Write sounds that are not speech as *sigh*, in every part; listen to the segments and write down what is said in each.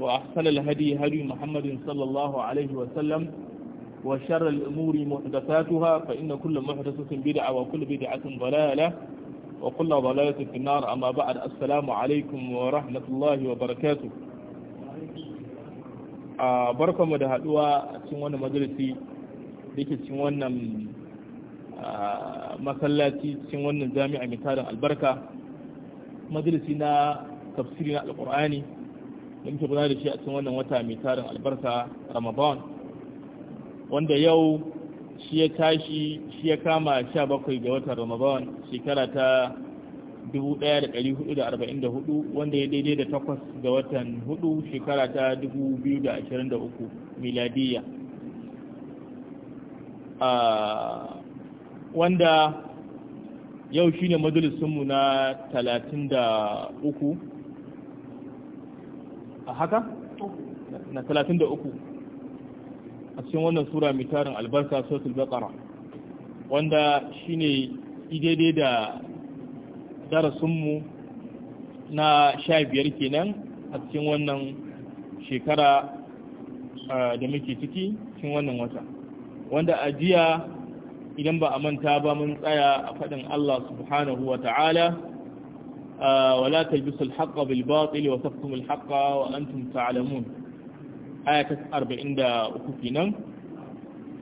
وأحسن الهدي هدي محمد صلى الله عليه وسلم وشر الأمور محدثاتها فإن كل محدثة بدعة وكل بدعة ضلالة وكل ضلالة في النار أما بعد السلام عليكم ورحمة الله وبركاته بركة مدهدوا تنوانا مدرسي ديك تنوانا مسلاتي تنوانا جامعة مثال البركة مدرسنا تفسيرنا القرآني da muke gudanar da shi a cikin wannan wata mai tarin albarka ramadan wanda yau shi ya tashi shi ya kama 17 ga watan ramadan shekara ta 1444 wanda ya daidai da 8 ga watan 4 shekara ta 2023 miladiyya wanda yau shine majalisunmu na 33 a haka na 33 a cikin wannan sura mai tarin albarka suratul bakara wanda shi shine daidai da darasinmu na sha biyar kenan a cikin wannan shekara da muke ciki cikin wannan wata wanda a jiya idan ba a manta ba mun tsaya a faɗin Allah subhanahu wa ta'ala ولا تلبسوا الحق بالباطل وتكتموا الحق وأنتم تعلمون آية 43 kenan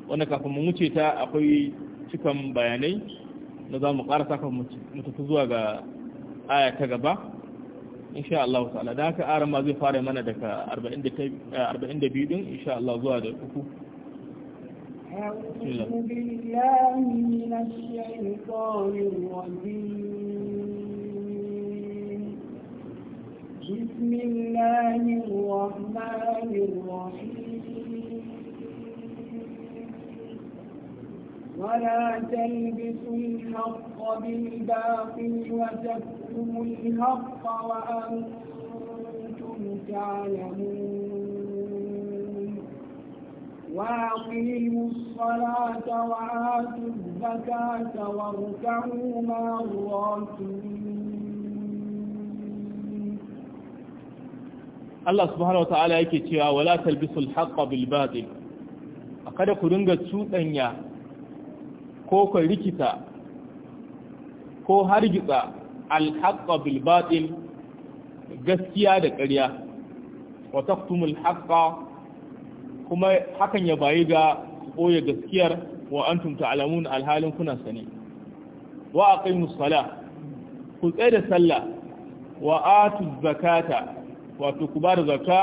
wanda kafin mu wuce ta akwai cikan bayanai da za mu ƙara saka mu tafi zuwa ga aya gaba insha Allah ta'ala da haka aran ma zai fara mana daga 42 din insha Allah zuwa da uku أعوذ بالله من الشيطان الرجيم بسم الله الرحمن الرحيم ولا تلبسوا الحق بالباطل وتكتموا الحق وأنتم تعلمون وأقيموا الصلاة وآتوا الزكاة واركعوا مع الراكبين Allah subhanahu wata'ala yake cewa wala talbisul haqqa bil batil kada ku dinga cutsanya ko ku rikita ko hargitsa al haqqa bil batil gaskiya da ƙarya wa taqtumul haqqa kuma hakan ya bayi ga boye gaskiyar wa antum ta'lamun al halin kuna sani wa aqimus sala ku tsaya da sallah wa atuz zakata wato ku ba da zakka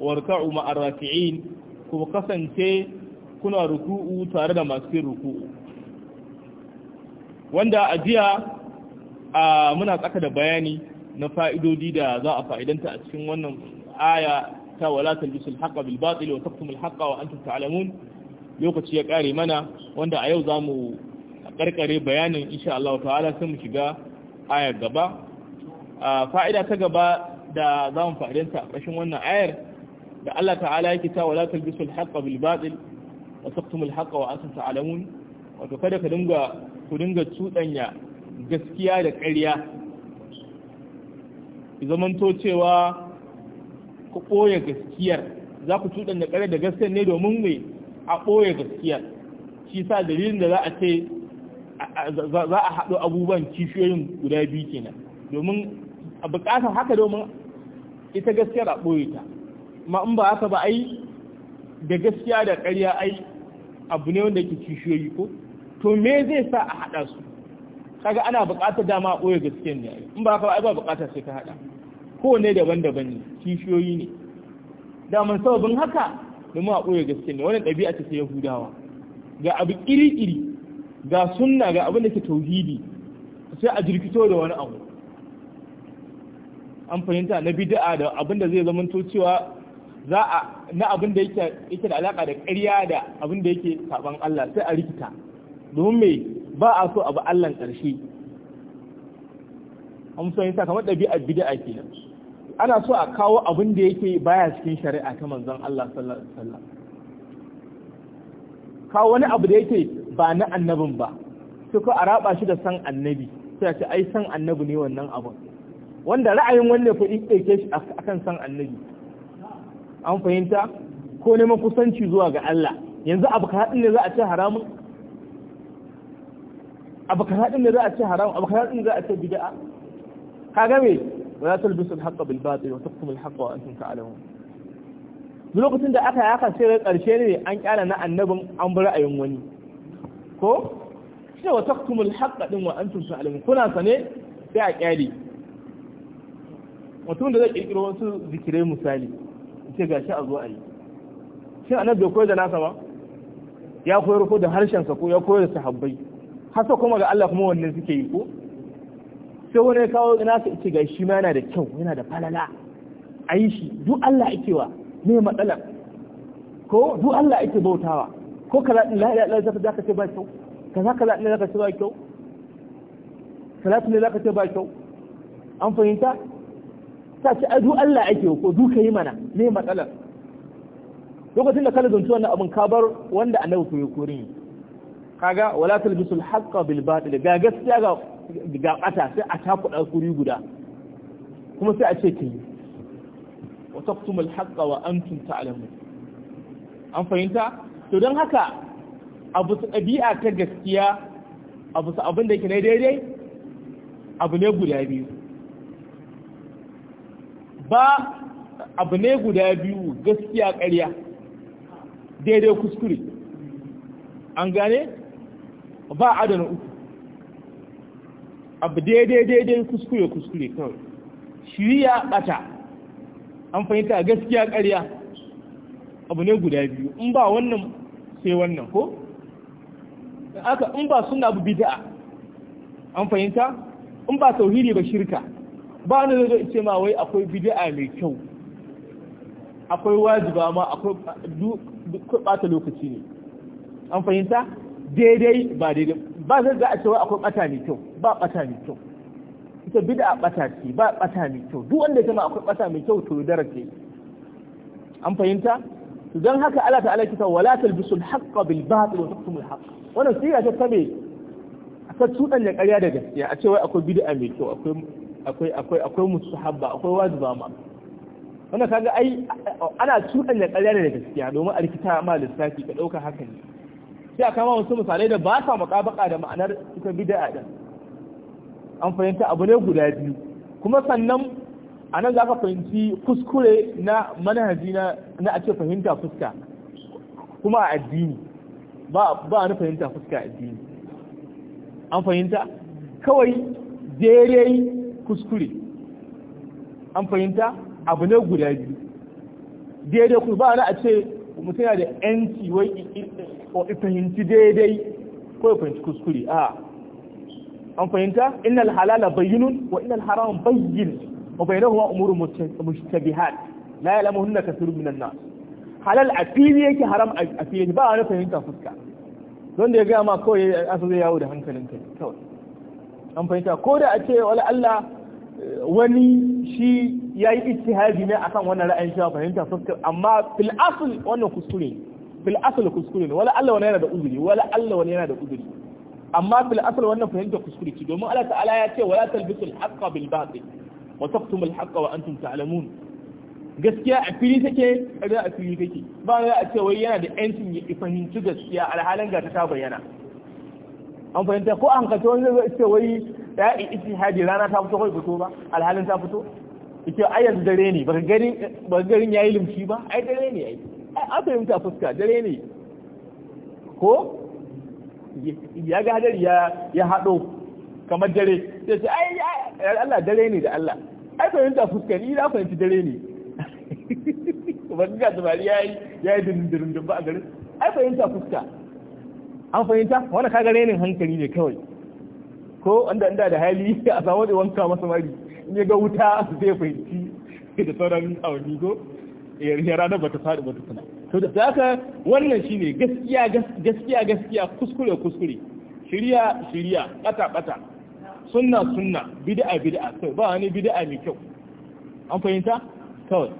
wa ruka'u ma'ar raki'in ku kasance kuna ruku'u tare da masu yin ruku'u wanda a jiya a muna tsaka da bayani na fa'idodi da za a fa'idanta a cikin wannan aya ta wala talbisul haqqa bil batil wa taqtumul haqqa wa antum ta'lamun lokaci ya kare mana wanda a yau za mu karkare bayanin insha Allah ta'ala sai mu shiga aya gaba fa'ida ta gaba da za mu farinta a ƙarshen wannan ayar da Allah ta'ala yake ta wala talbisu al-haqqa bil batil wa taqtumu al wa antum ta'lamun wato kada ka dinga ku dinga tudanya gaskiya da ƙarya to cewa ku ɓoye gaskiyar za ku tudanya ƙarya da gaskiyar ne domin mai a ɓoye gaskiyar shi sa dalilin da za a ce za a haɗo abubuwan kishiyoyin guda biyu kenan domin a bukatar haka domin ita gaskiya a ɓoye ta ma in ba haka ba ai da gaskiya da ƙarya ai abu ne wanda ke kishiyoyi ko to me zai sa a haɗa su kaga ana buƙatar dama a ɓoye gaskiya ne in ba haka ba ai ba buƙatar sai ka haɗa kowane daban-daban ne kishiyoyi ne daman sababin haka domin a ɓoye gaskiya ne wannan ɗabi'a ce sai yahudawa ga abu ƙiri-ƙiri ga sunna ga abin da ke tauhidi sai a jirkito da wani abu an fahimta na bid'a da abin da zai to cewa za a na abin da yake yake da alaka da ƙarya da abin da yake saban Allah sai a rikita domin me ba a so abu Allah ƙarshe an fahimta kamar ɗabi'ar bid'a kenan ana so a kawo abin da yake baya cikin shari'a ta manzon Allah sallallahu alaihi wasallam kawo wani abu da yake ba na annabin ba sai ko a raba shi da san annabi sai a ce ai san annabi ne wannan abun wanda ra'ayin wanda ku ɗauke shi akan san annabi an fahimta ko neman kusanci zuwa ga Allah yanzu abu kaɗin ne za a ce haramun abu kaɗin ne za a ce haramun abu kaɗin ne za a ce bid'a kaga me wala talbisu al-haqqa bil batil wa taqtumu al-haqqa wa antum ta'lamun duk lokacin da aka yaka sai ran karshe ne an kyala na annabin an bar ra'ayin wani ko sai wa taqtumu al-haqqa din wa antum ta'lamun kuna sane sai a kyale mutum da zai kirkiro wasu zikirai misali ce ga shi a zo a yi shi a nan bai koyar da nasa ba ya koyar ko da harshensa ko ya koyar da sahabbai hasa kuma ga Allah kuma wannan suke yi ko sai wani ya kawo nasa ce ga shi ma yana da kyau yana da falala a yi shi duk Allah ake wa me matsalar ko duk Allah ake bautawa ko kaza din la ilaha illallah zaka ce ba kyau kaza kaza din zaka ce ba kyau salatu ne zaka ce ba kyau an fahimta ta ce ai Allah ake ko duka yi mana ne matsalar lokacin da kala zanci wannan abin kabar wanda annabi ko ya korin kaga wala talbisul haqqa bil batil ga gaskiya ga ga bata sai a kuɗa kuri guda kuma sai a ce yi. wa taqtumul haqqa wa antum ta'lamun an fahimta to don haka abu su ɗabi'a ta gaskiya abu su abin da ke na daidai abu ne guda biyu ba abu ne guda biyu gaskiya ƙarya daidai kuskure an gane ba adana uku abu daidai daidai kuskure kuskure kawai shiriya ɓata an fahimta gaskiya ƙarya abu ne guda biyu in ba wannan sai wannan ko aka in ba suna bu bida an fahimta in ba tauhiri ba shirka ba ni zai ce ma wai akwai bid'a mai kyau akwai wajiba ma akwai bata lokaci ne an fahimta daidai ba daidai ba zai ga a cewa akwai bata mai kyau ba bata mai kyau ita bid'a bata ce ba bata mai kyau duk wanda ya ma akwai bata mai kyau to darace an fahimta don haka Allah ala kita wala talbisul haqqa bil batil wa taqtumul haqq wannan sai ya ta tabe a ta tudan ya ƙarya da gaskiya a cewa akwai bid'a mai kyau akwai akwai akwai akwai mustahabba akwai wajiba ma wannan kaga ai ana tsukan da ƙarya da gaskiya domin a rikita ma lissafi ka ɗauka haka ne sai a kama wasu misalai da ba sa muƙabaka da ma'anar ita bid'a din an fahimta abu ne guda biyu kuma sannan a nan za ka fahimci kuskure na manhaji na a ake fahimta fuska kuma a addini ba ba na fahimta fuska addini an fahimta kawai jere kuskure an fahimta abu ne guda biyu daidai ku ba a ce mutum yana da yanci wai fahimci daidai ko ya fahimci kuskure a an fahimta ina halala bayyunun wa innal haram bayyin wa na umurun mushtabihat la ya'lamuhunna kathirun minan nan halal a fili yake haram a fili ba wani fahimta fuska don da ya gaya ma kawai asu zai yawo da hankalin kai kawai an fahimta ko da a ce wala Allah wani shi ya yi ijtihadi ne akan wannan ra'ayin shi fahimta fuskar amma fil asl wannan kuskure fil asl kuskure ne wala Allah wani yana da uzuri wala Allah wani yana da uzuri amma fil asl wannan fahimta kuskure ce domin Allah ta'ala ya ce wala talbisul haqqa bil batil wa taqtumul haqqa wa antum ta'lamun gaskiya a fili take ƙarya a fili take ba za a ce wai yana da yancin ya fahimci gaskiya alhalin ga ta bayyana an fahimta ko an kace wani zai ce wai da ya haji rana ta fito kai fito ba alhalin ta fito ita ai yanzu dare ne baka garin baka garin yayi limci ba ai dare ne ai an fahimta fuska dare ne ko ya ga hadari ya ya hado kamar dare sai ce ai Allah dare ne da Allah ai fahimta fuska ni na fahimci dare ne kamar *laughs* ga tabari yayi yayi dindindin ba a garin ai fahimta fuska an fahimta wani kaga renin hankali ne kawai ko wanda inda da hali *laughs* a samu da wanka masa mari in ya ga wuta zai fahimci da sauran awanni ko eh, ya rana ba ta faɗi ba ta sana to da haka wannan shine gaskiya gaskiya gaskiya kuskure kuskure shirya shirya bata bata sunna sunna bid'a bid'a kai ba wani bid'a mai kyau an fahimta kawai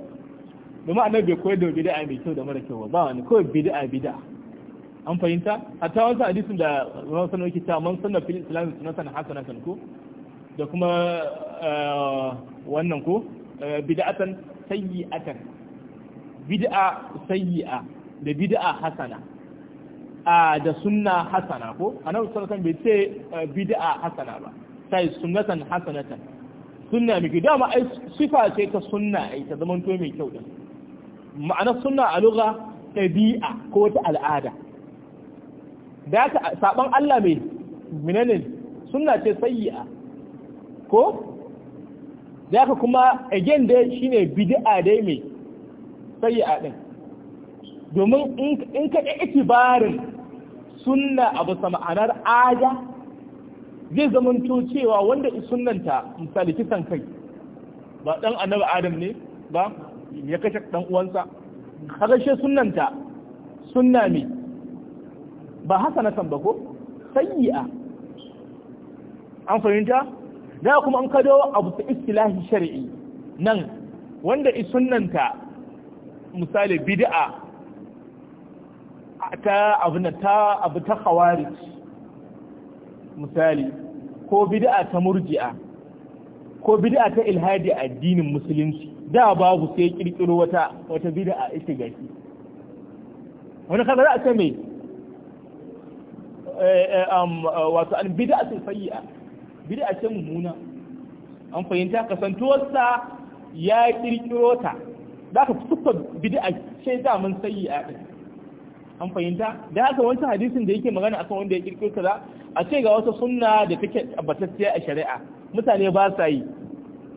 domin annabi bai koyar da bid'a mai kyau da mara kyau ba wani kawai bid'a bid'a an fahimta ta wasu hadisin da Imam Sanawi ke cewa man sanna suna islam sunnatan hasanatan ko da kuma eh, wannan ko eh, bid'atan sayyi'atan bid'a sayyi'a da bida'a hasana a da sunna hasana ko a nan sanar kan bai ce eh, bida'a hasana ba ta yi sunnatan hasanatan sunna mai kyau dama ai sifa ce ta sunna ai ta to mai kyau din ma'ana sunna a lugha ɗabi'a ko ta al'ada da saban Allah mai minanin suna ce a? ko da ka kuma again dai shine bid'a dai mai a din domin in ka ɗaya itibarin sunna abu sama'anar aja zai zamanto cewa wanda sunanta misali kisan kai ba ɗan annabi adam ne ba ya kashe ɗan uwansa ƙarshe sunanta suna mai ba hasanatan ba ko sayyi'a an fahimta da kuma an kado abu ta istilahi shari'i nan wanda sunnanta misali bid'a ta abu na ta abu ta khawarij misali ko bid'a ta murji'a ko bid'a ta ilhadi addinin musulunci da babu sai kirkiro wata wata bid'a ita gashi wani kaga za a ce mai Eh, eh, eh, wato an bid'a sun sayya bid'a ce mummuna an fahimta kasantuwarsa ya kirkiro ta za ka sufa bid'a ce sayi a ɗin an fahimta da haka wancan hadisin da yake magana akan wanda ya kirkiro ta a ce ga wata sunna da take tabbatacciya a shari'a mutane ba sa yi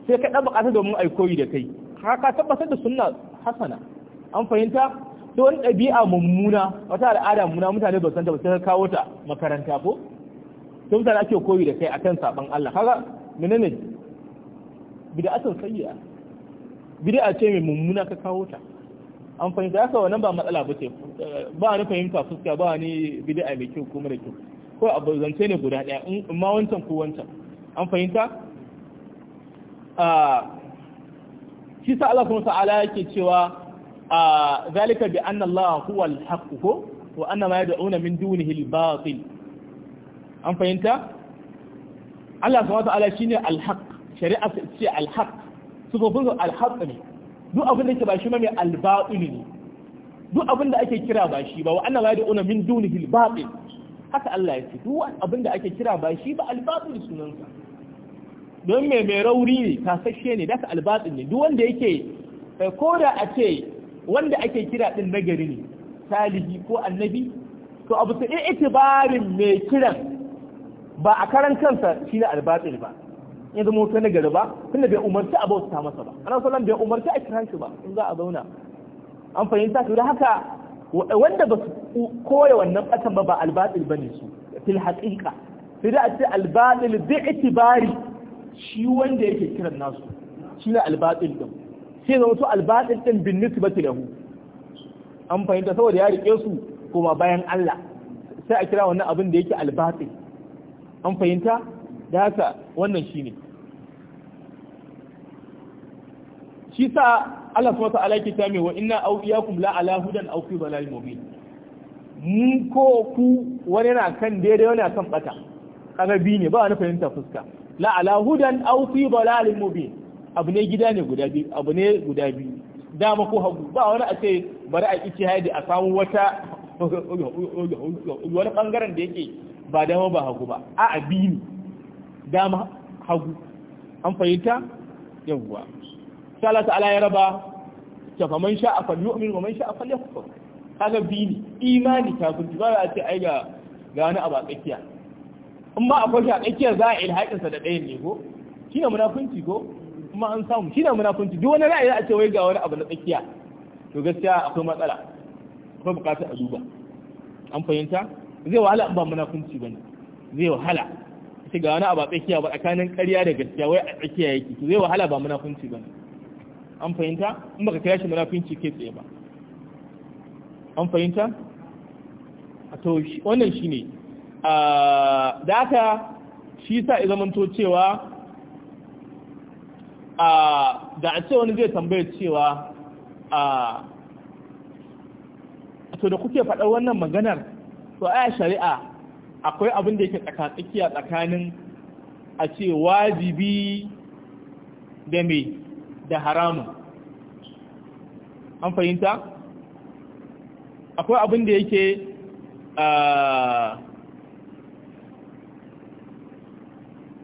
sai ka ɗaba ƙasa domin aikoyi da kai haka tabbatar da sunna hasana an fahimta to wani ɗabi'a mummuna wata al'ada mummuna mutane ba san ba sai kawo ta makaranta ko to mutane ake koyi da kai akan saban Allah kaga menene bid'atun sayya bid'a ce mai mummuna ka kawo ta an fahimta haka wannan ba matsala ba ce ba ni fahimta fuska ba ni bid'a mai kyau kuma da kyau ko abu zance ne guda ɗaya in ma wancan ko wancan an fahimta a ah, shi sa Allah kuma ta'ala yake cewa ذلك بأن الله هو الحق هو وأن ما يدعون من دونه الباطل أم فهمت؟ Allah subhanahu wataala shine alhaq shari'a ce alhaq sufofin alhaq ne duk abin da yake ba shi ma mai albatil ne duk abin da ake kira ba shi ba wa anna la una min dunihi albatil haka Allah ya ce duk abin da ake kira ba shi ba albatil sunan sa don me mai rauri ne kasashe ne daka albatil ne duk wanda yake ko da a ce wanda ake kira din nagari ne salihi ko annabi to abu sai itibarin mai kiran ba a karan kansa shi ne albatil ba In zama wata nagari ba tunda bai umarci a bauta masa ba ana sallan bai umarci a kiran shi ba in za a zauna an fahimta to da haka wanda ba su koya wannan batan ba ba albatil bane su fil haqiqa sai da a ce albatil bi itibari shi wanda yake kiran nasu shi ne albatil ɗin. sai zama su albatin ɗin bin nisbati lahu an fahimta saboda ya rike su kuma bayan Allah sai a kira wannan abin da yake albatin an fahimta da haka wannan shi ne. shi sa Allah subhanahu wa alaƙi ta mai wa 'Ina awliyakum la ala hudan aw ba dhalalin mobi mun ko ku wani na kan daidai wani na kan ɓata. kaga ne ba wani fahimta fuska la ala hudan aw ba dhalalin mobi abu ne gida ne guda biyu abu ne guda biyu dama ko hagu ba wani a ce bari a ƙi haidi a samu wata wani ɓangaren da yake ba dama ba hagu ba a ne dama hagu an fahimta yawwa sallah ta'ala ya raba ta faman sha a falli umin wa man sha a falli kufur kaga bini imani ta kunci ba a ce ai ga ga wani abu a tsakiya in ma akwai shi a tsakiya za a ilhaƙinsa da ɗayan ne ko shi ne munafunci ko kuma an samu shi na munafunci duk wani ra'ayi a ce wai ga wani abu na tsakiya to gaskiya akwai matsala akwai bukatar a duba an fahimta zai wahala ba munafunci bane zai wahala sai ga wani abu a tsakiya ba tsakanin ƙarya da gaskiya wai a tsakiya yake to zai wahala ba munafunci bane an fahimta in baka kira shi munafunci kai tsaye ba an fahimta to wannan shine a ah, da haka shi sa ya zamanto cewa da a ce wani zai tambaye cewa a to da kuke faɗar wannan maganar to aya shari'a akwai abin da yake tsakiya tsakanin a ce wajibi da mai da haramun an fahimta akwai abin da yake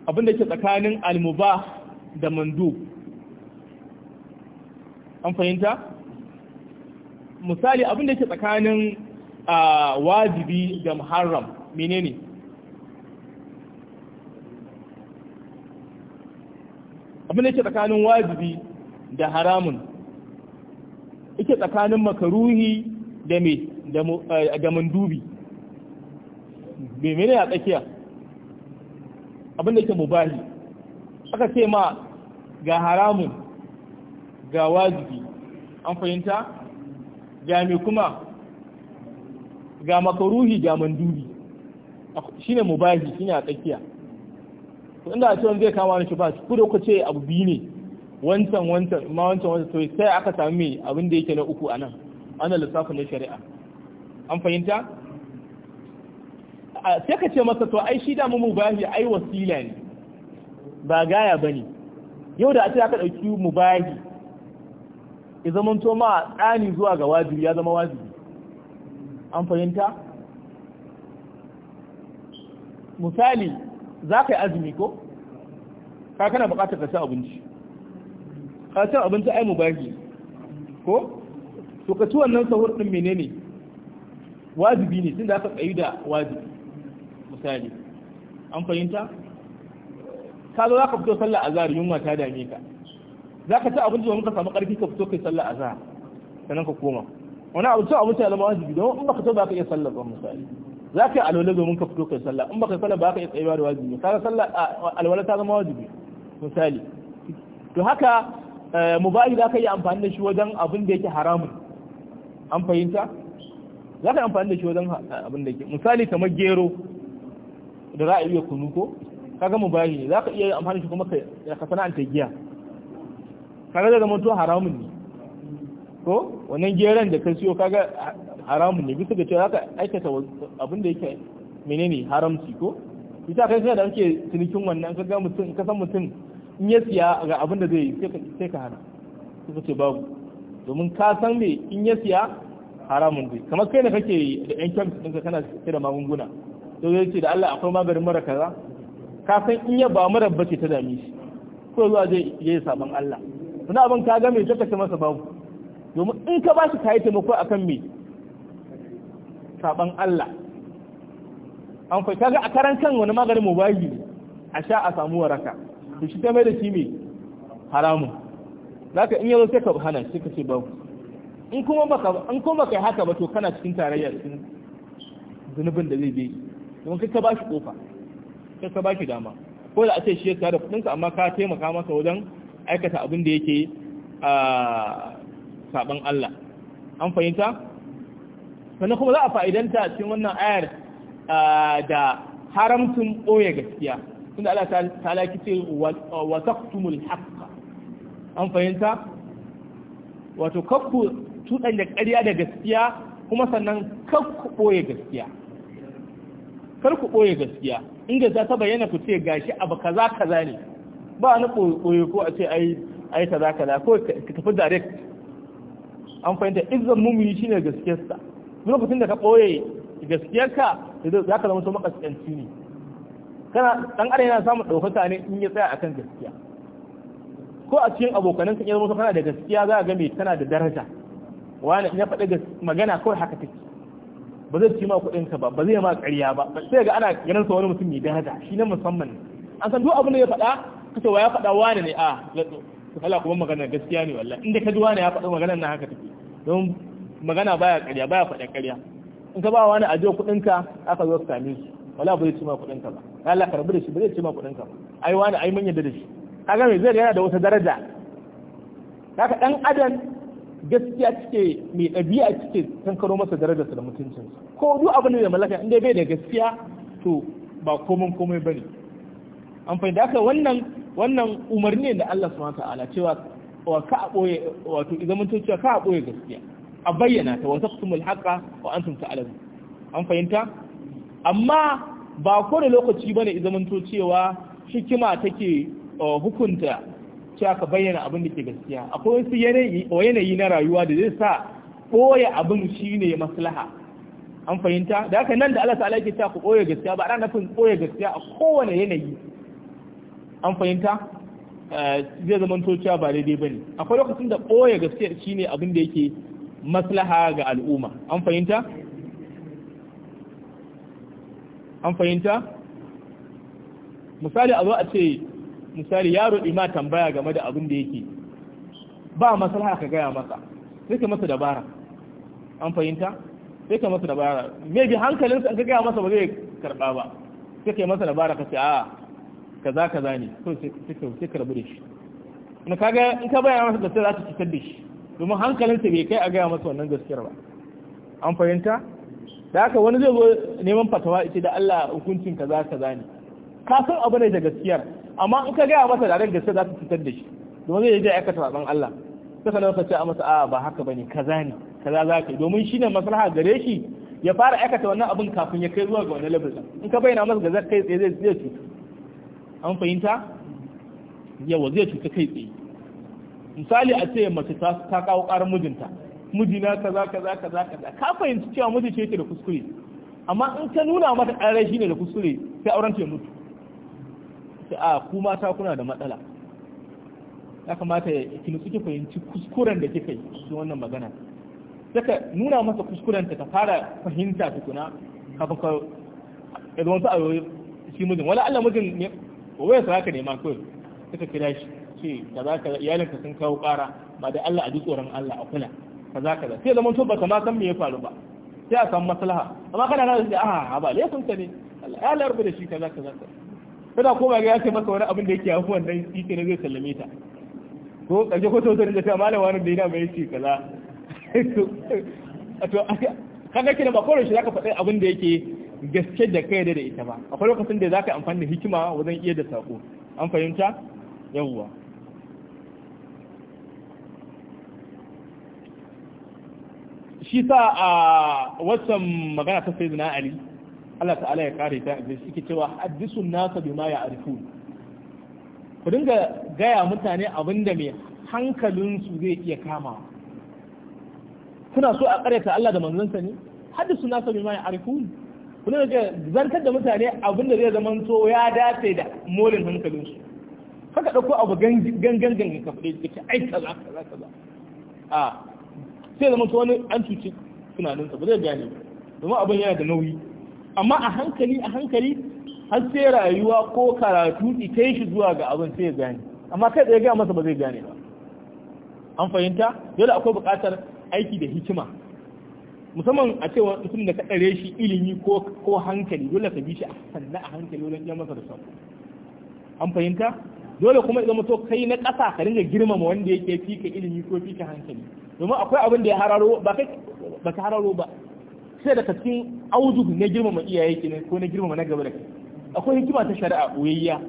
abin da ke tsakanin almuba da mandu an fahimta misali abinda da ke tsakanin wajibi da muharram menene abinda da ke tsakanin wajibi da haramun ike tsakanin makaruhi da me da mandubi menene a tsakiya abinda da ke mubahi aka ce ma ga haramun ga wajibi an fahimta ga mai kuma ga makaruhi ga mandubi shine mubahi shine a tsakiya to inda a cewa zai kama ni shi ba ku da ku ce abu biyu ne wancan wancan ma wancan wancan to sai aka sami mai abin da yake na uku a an ana lissafi na shari'a an fahimta sai ka ce masa to ai shi damu mu mubahi ai wasila ne ba gaya ba ne yau da a ce aka ɗauki mu bayi ya to ma tsani zuwa ga wajibi ya zama wajibi an fahimta misali za ka yi azumi ko ka kana bukatar ka abinci ka abinci ai mu bayi ko to ka ci wannan sahur ɗin menene wajibi ne tun da aka tsayi da wajibi misali an fahimta ka zo za ka fito sallar azhar yunwa ta dame ka za ka ci abinci domin ka samu ƙarfi ka fito kai sallar azhar sannan ka koma wani abu cin abinci alama wajibi don in baka to ba ka iya sallar ba misali za ka yi alwala domin ka fito kai sallar in baka sallar ba ka iya tsayuwa da wajibi ga sallar alwala ta zama wajibi misali to haka eh, mubahi za ka yi amfani da shi wajen abin da yake haramun an fahimta za ka yi amfani da shi wajen eh, abin da yake misali kamar gero da za a iya kunu ko kaga mubahi ne ka iya amfani shi kuma ka sana'anta giya kaga da zama to haramun ne ko wannan geran da ka siyo kaga haramun ne bisa ga cewa ka aikata abin da yake menene haramci ko bisa kai sai da ake cinikin wannan ga mutum ka san mutum in ya siya ga abin da zai yi sai ka hana suka ce babu domin ka san me in ya siya haramun zai kamar kai ne kake da yan kyamsu ɗinka kana sai da magunguna to zai ce da Allah akwai maganin mara kaza kafin in ya ba rabba ce ta dame shi ko zuwa zai yi saban Allah wani abin ka ga mai tattaka masa babu domin in ka ba shi kayi taimako akan me saban Allah an fa kaga a karan kan wani maganin mubahi a sha a samu waraka to shi ta mai da shi me haramun zaka in yazo sai ka hana shi ka ce babu in kuma baka in kuma kai haka ba to kana cikin tarayya cikin zunubin da zai bi domin kai ka ba shi kofa kai ka baki dama ko da a ce shi ya da kuɗinka amma ka taimaka masa wajen aikata abin da yake a saban Allah an fahimta sannan kuma za a fa'idanta cikin wannan ayar da haramtun ɓoye gaskiya tunda Allah ta laki ce wa taqtumul haqq an fahimta wato kakku tudan da ƙarya da gaskiya kuma sannan kakku ɓoye gaskiya kar ku ɓoye gaskiya in gaskiya ta bayyana ku ce gashi abu kaza kaza ne ba na ɓoye ko a ce ai ai kaza kaza ko ka tafi direct an fahimta izzan mumini shine gaskiyarsa lokacin da ka ɓoye gaskiyarka za ka zama to makaskanci ne kana dan adam yana samun ɗaukaka ne in ya tsaya akan gaskiya ko a cikin abokanan kan zama kana da gaskiya za a ga mai tana da daraja wani ya faɗi magana kawai haka take ba zai ci ma kuɗin ka ba ba zai ma ƙarya ba sai ga ana ganin sa wani mutum mai daraja shi na musamman an san duk abin da ya faɗa kace wa ya faɗa wani ne a Allah kuma magana gaskiya ne wallahi inda ka ji wani ya faɗa maganar nan haka take don magana baya ƙarya baya faɗa ƙarya in ka ba wani a kuɗin ka aka zo ka same shi wala ba zai ci ma kuɗin ka ba Allah ka rabu da shi ba zai ci ma kuɗin ka ba ai wani ai manyan yadda da shi kaga me zai yana da wata daraja haka dan adam gaskiya cike mai ɗabi'a cike karo masa darajarsa da mutuncinsa ko duk abin da mallaka inda bai da gaskiya to ba komai komai bane an fahimta haka wannan wannan umarni da Allah subhanahu ta'ala cewa wa ka aboye wato idan mun cewa ka aboye gaskiya a bayyana ta wa taqtumul haqa wa antum ta'lamu an fahimta amma ba ko da lokaci bane idan mun to cewa hikima take uh, hukunta cewa ka bayyana abin da ke gaskiya akwai wasu yanayi na rayuwa da zai sa boye abin shine maslaha an fahimta da haka nan da Allah ta'ala yake cewa ku koye gaskiya ba ran nafin koye gaskiya a kowane yanayi an fahimta eh, zai zama cewa ba daidai bane akwai lokacin da koye gaskiya shine abin da yake maslaha ga al'umma an fahimta an fahimta misali a zo a ce misali yaro ima tambaya game da abin da yake ba maslaha ka gaya masa sai ka masa dabara an fahimta sai ka masa dabara bi hankalinsa in ka gaya masa ba zai karɓa ba sai ka masa dabara ka ce a kaza kaza ne to sai ka rabu da shi na kaga in ka bayyana masa gaskiya za ta cutar da shi domin hankalinsa bai kai a gaya masa wannan gaskiyar ba an fahimta da haka wani zai zo neman fatawa ita da Allah hukuncin kaza kaza ne ka san abu ne da gaskiyar amma in ka gaya masa da gaskiya za ta cutar da shi domin zai je aikata saban Allah sai ka ce a masa a ba haka bane kaza ne kaza za ka yi domin shi ne maslaha gare shi ya fara aikata wannan abin kafin ya kai zuwa ga wani labarin in ka bayyana masa gazar kai tsaye zai cutu an fahimta yawa zai cuta kai tsaye misali a ce mace ta kawo karar mijinta mijina kaza kaza kaza kaza ka fahimci cewa miji ce yake da kuskure amma in ka nuna mata karar shi ne da kuskure sai auren ta mutu sai a ku mata kuna da matsala ya kamata ya kinu suke fahimci kuskuren da kika yi cikin wannan magana saka nuna masa kuskurenta ta fara fahimta tukuna kafin ka yadda wasu a shi mijin Wani Allah mijin ne waya sa haka ne ma kawai suka kira shi ce ka za ka iyalinka sun kawo ƙara ba da Allah a ji tsoron Allah a kula ka za ka za. sai zaman to baka ma san me ya faru ba sai a san maslaha amma kana na da aha ba laifin ka ne Allah ya larbe da shi ka ka za za ka kada ko ba ga ya ce maka wani abin da yake yafi wannan ita ne zai sallame ta ko kaje ko tausayin da ta malama wani da ya mai yace kaza to ke da ba kowace zaka faɗi abin da yake gaske da kai da ita ba akwai lokacin da zaka amfani da hikima wajen iya da sako an fahimta yawwa shi sa a waccan magana ta sai zina ali Allah ta'ala ya kare ta da shi ke cewa haddisun nasa bima ya arifu ku dinga gaya mutane abin da mai hankalinsu zai iya kama kuna so a karyata Allah da manzansa ne haddasu nasa bima arifu kuna da zartar da mutane abin da zai zama to ya dace da molin hankalin su haka dauko abu gangan gangan ka fade ki ai kaza kaza kaza a sai zama to wani an cuci tunaninsa ba zai gane domin abin yana da nauyi amma a hankali a hankali har sai rayuwa ko karatu ita shi zuwa ga abin sai ya gane amma kai da ya gaya masa ba zai gane ba an fahimta dole akwai buƙatar aiki da hikima musamman a cewa mutum da kaɗare shi ilimi ko hankali dole ka bi shi a sannan a hankali wajen ɗan masa da sako an fahimta dole kuma idan mutum kai na ƙasa ka dinga girmama wanda yake fika ilimi ko fika hankali domin akwai abin da ya hararo ba kai ba ka hararo ba sai daga cikin auzu na girmama iyaye kenan ko na girmama na gaba da kai akwai hikima ta shari'a uyayya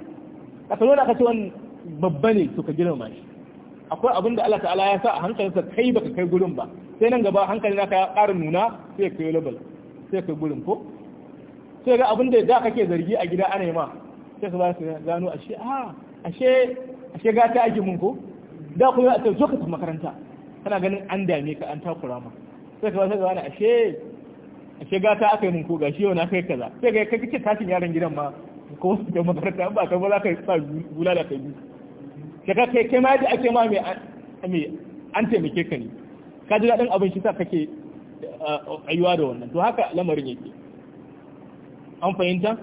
aka nuna aka ce wani babba ne to ka girmama shi akwai abin da Allah ta'ala ya sa a hankalinsa kai baka kai gurin ba sai nan gaba hankalin ka ya ƙara nuna sai kai label sai kai gurin ko sai ga abin da da kake zargi a gida ana yi ma sai su ba su gano ashe a ah, ashe ashe gata aji mun ko da kuma a zo ka makaranta kana ganin an dame ka an takura ma sai ka ba sai gano ashe ashe gata aka yi mun ko gashi yau na kai kaza sai ga kai kake tashin yaron gidan ma ko wasu makaranta ba ka ba za ka yi sa bulala kai biyu ka kai kai ma yadda ake ma mai an taimake ka ne ka ji daɗin abin shi sa kake eh, ayyuwa da wannan to haka lamarin yake an fahimta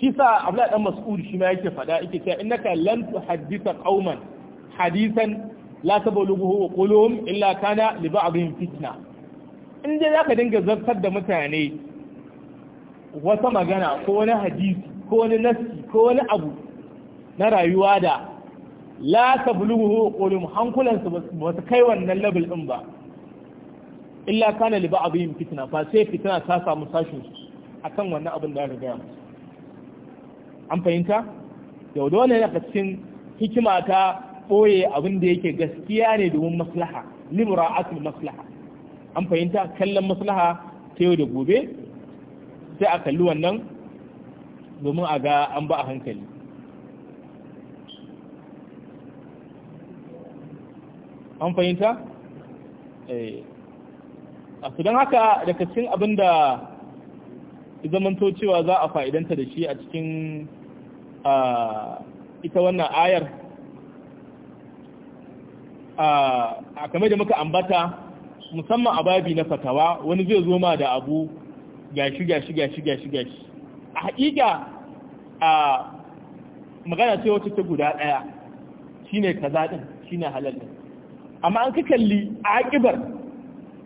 shi sa abu dan mas'ud shi ma yake faɗa yake cewa innaka lan tuhaddisa qauman hadisan la tablughu wa quluhum illa kana li ba'dihim fitna in dai zaka dinga zartar da mutane wata magana ko wani hadisi ko wani nassi ko wani abu na rayuwa da la tablughu qulum hankulan su ba su kai wannan level din ba illa kana li ba'dihim fitna fa sai fitna ta samu sashin su akan wannan abin da aka gaya musu an fahimta yau dole ne daga cikin hikima ta boye abin da yake gaskiya ne domin maslaha limra'atul maslaha an fahimta kallon maslaha ta yau da gobe sai a kalli wannan domin a ga an ba a hankali an fahimta eh. a ah, su don haka daga cikin abin da zamanto cewa za a fa'idanta da shi a cikin ah, ita wannan ayar ah, a kamar da muka ambata musamman a babi na fatawa wani zai zo ma da abu gashi gashi gashi gashi gashi a haƙiƙa a magana ce wacce ta guda ɗaya shine kaza ɗin shine halal amma an ka kalli a aƙibar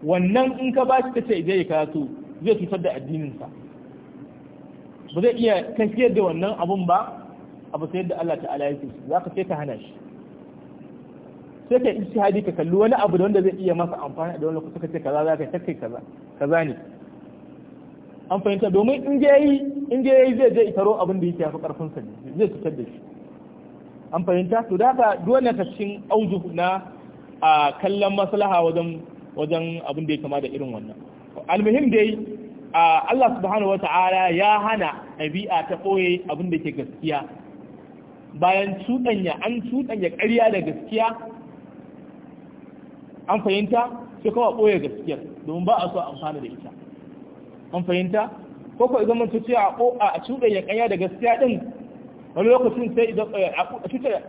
wannan in ka ba shi kace je ya karatu zai cutar da addininsa ba zai iya kashe da wannan abun ba abu sai da Allah ta'ala ya ce za ka sai ka hana shi sai ka shahadi ka kalli wani abu da wanda zai iya masa amfani da wani lokaci kace kaza za ka takai kaza kaza ne an fahimta domin in je yi in je yi zai je itaro abin da yake yafi karfin sa ne zai cutar da shi an fahimta to da haka dole cikin na a kallon maslaha wajen wajen abin da ya kama da irin wannan almuhim dai Allah subhanahu wata'ala ya hana ɗabi'a ta ɓoye abin da ke gaskiya bayan cuɗanya an cuɗanya ƙarya da gaskiya an fahimta sai kawai ɓoye gaskiyar domin ba a so amfana da ita an fahimta ko ko idan mutum ce a a cuɗanya ƙarya da gaskiya din wani lokacin sai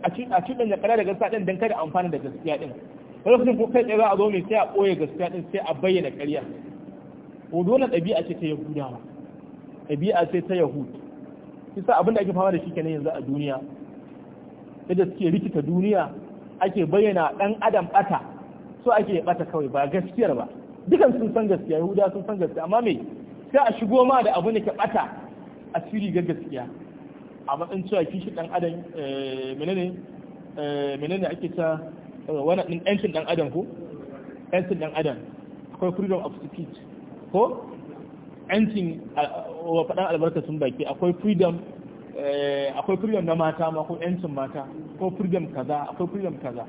a cuɗanya ƙarya da gaskiya din dan kada amfana da gaskiya din rashin ko kai za a zo mai sai a ɓoye gaskiya ɗin sai a bayyana ƙarya ko dole ɗabi'a ce ta yahudawa ɗabi'a ce ta yahud kisa abin da ake fama da shi kenan yanzu a duniya yadda suke rikita duniya ake bayyana ɗan adam ɓata so ake ɓata kawai ba gaskiyar ba dukan sun san gaskiya yahuda sun san gaskiya amma me sai a shigo ma da abin da ke ɓata a siri ga gaskiya a matsayin cewa kishi ɗan adam eh, menene eh, menene ake ta wannan din yancin dan adam ko yancin dan adam akwai freedom of speech ko yancin wa faɗan albarkacin baki akwai freedom eh, akwai freedom na mata ma akwai yancin mata ko freedom kaza akwai freedom kaza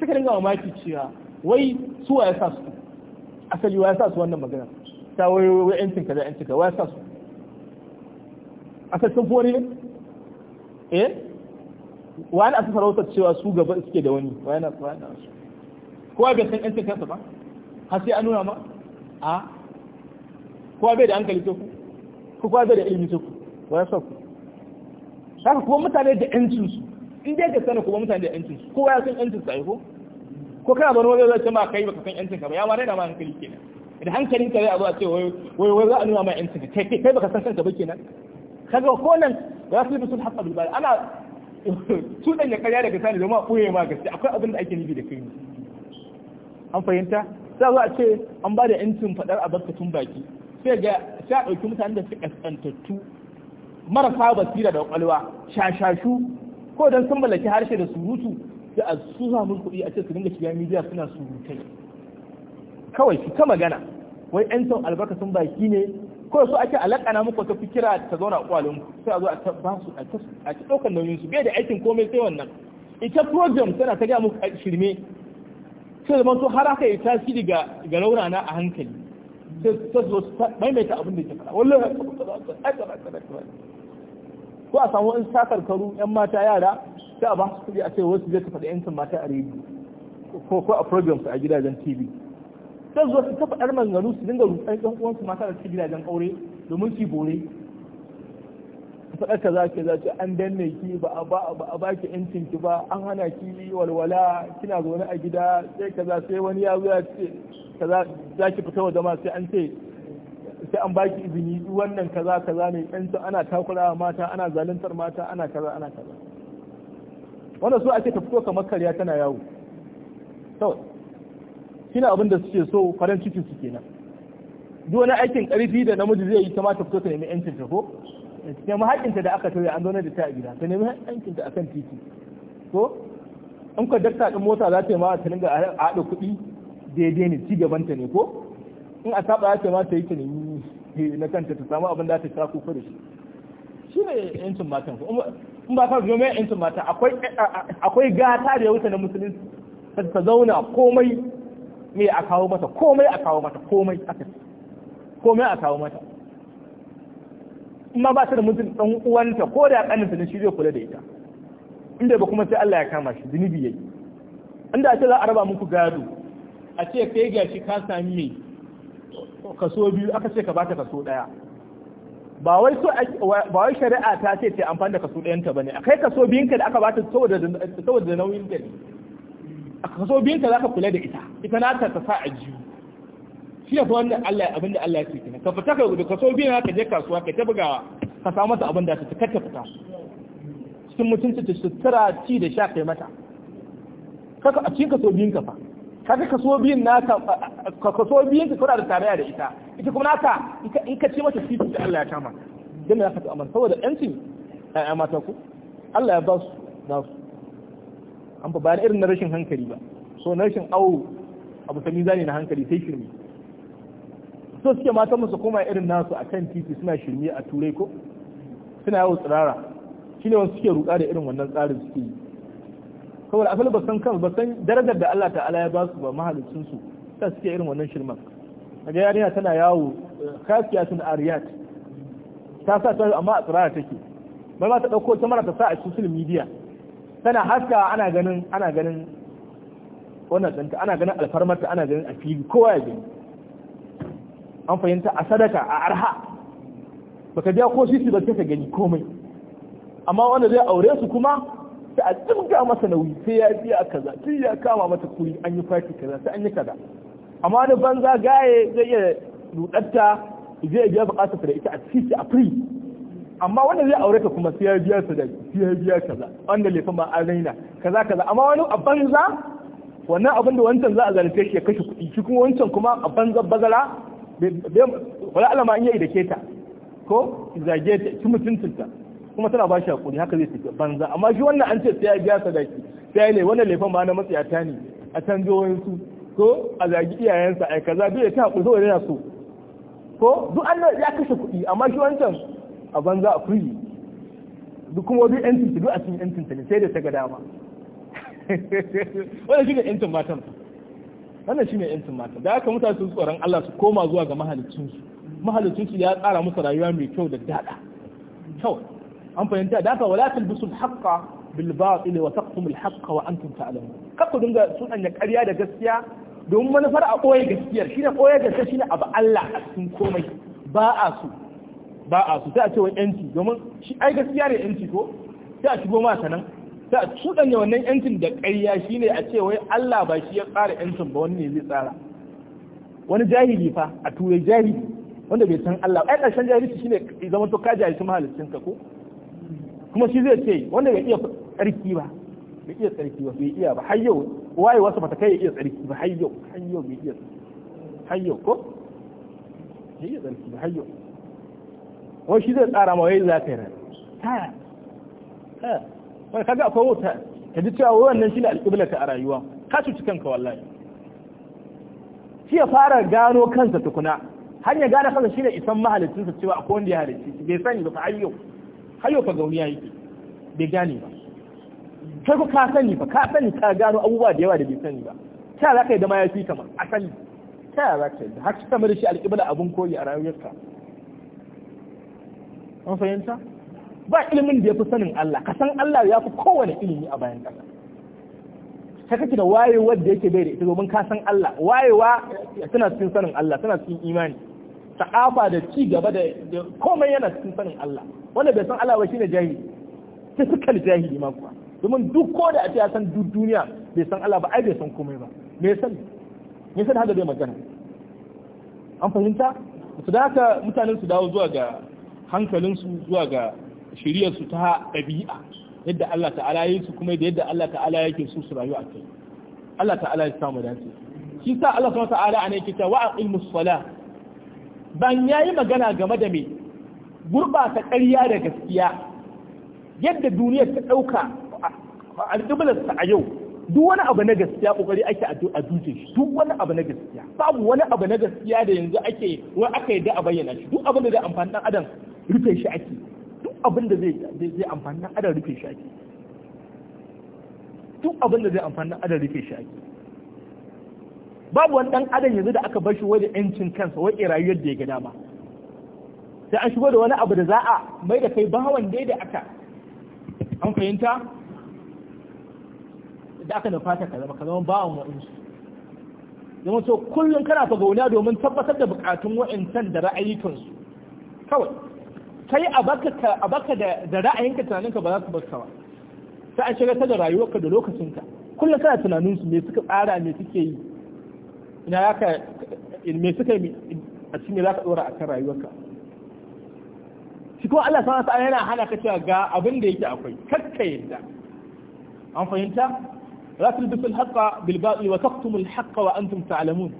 suka dinga mamaki cewa wai su wa ya su asali wa yasa su wannan magana ta wai wai yancin kaza yancin kaza wa ya sa su asali sun fi wani ne eh wani a sarautar cewa su gaba suke da wani wani a su kowa bai san yancin kansa ba har sai an nuna ma a kowa bai da hankali ta ku kowa bai da ilimi ta ku wani sa ku haka kuma mutane da yancin su in dai ka sani kuma mutane da yancin su kowa ya san yancin sa ko ko kana bar wani zai ce ma kai baka san yancin ka ba ya ma raina ma hankali kenan idan hankali ka zai a zo a ce wai wai za a nuna ma yancin ka kai baka san kanka ba kenan kaga ko nan ya fi bisul haqqa bil bal ana *laughs* su ɗan ya karya daga sani zama ɓoye ma gaske akwai abin da ake nufi da kai an fahimta za a ce an ba da yancin faɗar albarkacin baki sai ga sha ɗauki mutanen da suka tsantattu marasa basira da ƙwalwa, shashashu ko don sun mallaki harshe da surutu da a su samu kuɗi a ce su dinga shiga midiya suna surutai kawai su ta magana wai yancin albarkacin baki ne ko su ake alakana muku ta fikira ta zauna a kwalin sai a zo a ba su a ci ɗaukar nauyin su bai da aikin komai sai wannan ita program tana ta gaya muku shirme sai zaman su har aka yi tasiri ga ga raunana a hankali sai ta zo maimaita abin da ke fara wallahi ko a samu in sakar karu yan mata yara sai a ba su kuɗi a ce wasu zai ta faɗi yancin mata a rediyo ko ko a su a gidajen tv zan zuwa su ta ɗar manganu su dinga rutsar ɗan uwansu mata da su gidajen aure domin su bore faɗa ka za ki zace an danne ki ba a ba ba ki yancin ki ba an hana ki walwala kina zaune a gida sai kaza sai wani ya zuwa ce ka za ki fita wa ma sai an ce sai an baki izini wannan kaza kaza ne ɗan ana takurawa mata ana zaluntar mata ana kaza ana kaza wannan so ake ta fito kamar karya tana yawo kawai kina abin da suke so farin cikin su kenan duk wani aikin karfi da namiji zai yi ta mata fito ta nemi yancin ta ko ta nemi da aka tauye an zaune da ta a gida ta nemi yancin ta akan titi ko in ka dakta din mota za ta yi ma ta dinga a haɗa kuɗi daidai ne ci gaban ta ne ko in a saba ya ce ma ta yi ta nemi na kanta ta samu abin da ta sha kuka da shi shi ne yancin matan in ba ka zo mai yancin mata akwai gata da ya wuce na musulunci ta zauna komai me a kawo mata komai a kawo mata komai aka komai a kawo mata amma ba ta da mutum dan uwanta ko da kaninta ne shi zai kula da ita inda ba kuma sai Allah ya kama shi zunubi yayi inda ce za a raba muku gado a ce kai gashi ka sami me kaso biyu aka ce ka bata kaso daya ba wai so ba wai shari'a ta ce ta amfani da kaso ɗayan ta bane akai kaso biyun ka da aka bata saboda saboda nauyin ta ne a kaso za ka kula da ita ita na ta ta sa a jiyu shi ne wannan Allah abin da Allah ya ce ka fita ka da kaso biyun ka je kasuwa ka ta bugawa ka samu ta abin da ta ta fita cikin mutunci ta sutura ci da sha kai mata kaka a cikin kaso biyun ka fa kaka kaso biyun naka ka kaso biyun ka da tarayya da ita ita kuma naka in ka ce mata fifi da Allah ya kama dan ka ta amana saboda yancin ai mata ku Allah ya ba su ba su an fa ba irin na rashin hankali ba so na rashin awo abu sami zane na hankali sai shirme so suke matan musu koma irin nasu a kan titi suna shirme a turai ko suna yawo tsirara shi ne wasu suke ruka da irin wannan tsarin suke yi Kawai asali ba san kan basan darajar da Allah ta'ala ya ba su ba mahalicin su ta suke irin wannan shirman kaga yarinya tana yawo sun ariyat ta sa ta amma a tsirara take bai ma ta dauko ta mara ta sa a social media tana haska ana ganin ana ganin wannan ɗinta ana ganin alfarmarta ana ganin a fili kowa ya gani an fahimta a sadaka a arha baka biya ko sisi ba sai ka gani komai amma wanda zai aure su kuma ta a tsinga masa nauyi sai ya biya kaza sai ya kama mata kuri an yi fati kaza sai an yi kaza amma da banza gaye zai iya ludatta zai biya bukatar da ita a cikin a free amma wanda zai aure ka kuma sai ya biya su da sai ya biya kaza wanda laifin ma an raina kaza kaza amma wani a banza wannan abin da wancan za a zalunce shi ya kashe kuɗi shi kuma wancan kuma a banza bazara wala alama in yi da keta ko zage ta ki mutuntunta kuma tana ba shi hakuri haka zai tafi banza amma shi wannan an ce sai ya biya sadaki sai ya ne wannan laifin ba na matsayata ne a canjo wayansu ko a zagi iyayensa ai kaza duk ya ta hakuri saboda yana so ko duk an ya kashe kuɗi amma shi wancan a banza a furi duk kuma wajen yancin duk a cikin yancin ta ne sai da ta ga dama wannan ne yancin matan wannan ne yancin matan da aka mutane sun tsoron Allah su koma zuwa ga mahalicinsu mahalicinsu ya tsara musu rayuwa mai kyau da dada kyau an fahimta da aka wala talbisul bilba bil batil wa taqtumul haqqa wa antum ta'lamun kakku dinga sunanya ƙarya da gaskiya domin manufar a ɓoye gaskiyar shi ne ɓoye gaskiyar shi ne abu Allah a cikin komai ba a su ba a su sai a ce wa yanci domin shi ai gaskiya ne yanci ko sai a shigo ma sanan sai a ne wannan yancin da ƙarya shine a ce wai Allah ba shi ya tsara yancin ba wani ne zai tsara wani jahili fa a turai jahili wanda bai san Allah ai karshen jahili shine zama to ka jahilci mahalicin ka ko kuma shi zai ce wanda bai iya tsarki ba bai iya tsarki ba bai iya ba har yau waye wasu bata kai ya iya tsarki ba har yau har yau bai iya har yau ko bai iya tsarki ba har yau wai shi zai tsara ma wai za ka yi rana ka kaga akwai wuta ka ji cewa wannan shi ne alƙibla ta a rayuwa ka cuci kanka wallahi shi ya fara gano kansa tukuna hanyar gane kansa shi ne isan mahalicinsa cewa akwai wanda ya halicci bai sani ba fa hayyo hayyo fa gauniya yake bai gane ba kai ko ka sani ba? ka sani ka gano abubuwa da yawa da bai sani ba ta za ka yi da ma ya fi kama asali ta za ka yi da har ka da shi alƙibla abun koyi a rayuwarka an fahimta ba ilimin da ya fi sanin Allah ka san Allah ya fi kowane ilimi a bayan ƙasa ta kake da wayewar da yake bai da ita domin ka san Allah wayewa tana cikin sanin Allah tana cikin imani ta'afa da ci gaba da komai yana cikin sanin Allah wanda bai san Allah ba shine jahili ta suka jahili ma kuwa domin duk ko da a ce ya san duk duniya bai san Allah ba ai bai san komai ba me san me san haka bai magana an fahimta su da haka mutanen su dawo zuwa ga hankalinsu zuwa ga shiriyarsu ta ɗabi'a yadda Allah ta'ala yi su kuma yadda Allah ta'ala yake su su rayu a kai Allah ta'ala ya samu dace shi sa Allah subhanahu ta'ala ana yake cewa aqimus sala ban yayi magana game da me gurbata ƙarya da gaskiya yadda duniya ta dauka alƙiblar ta a yau duk wani abu na gaskiya kokari ake a dutse shi duk wani abu na gaskiya babu wani abu na gaskiya da yanzu ake wani aka yi da a bayyana shi duk abin da da amfani dan adam rufe shi ake duk abin da zai amfani na adar rufe shi ake duk abin da zai amfani na adar rufe shi ake babu wani dan adam yanzu da aka bar shi wani yancin kansa wani rayuwar da ya ga dama sai an shigo da wani abu da za a mai da kai bawan dai da aka an fahimta da aka nufata ka zama ka zama bawan wa'insu zama so kullum kana fagauniya domin tabbatar da bukatun wa'insan da ra'ayikansu kawai kai a baka da ra'ayinka tunaninka ba za su baka ba sai a shiga ta da rayuwarka da lokacinka kullum kana tunanin su me suka tsara me suke yi ina ya ka me suka yi a cikin za ka dora kan rayuwarka shi kuma Allah sana ta yana hana ka cewa ga abin da yake akwai kakka yadda an fahimta la tulbisu al-haqqa bil batil wa taqtumu haka haqqa wa antum ta'lamun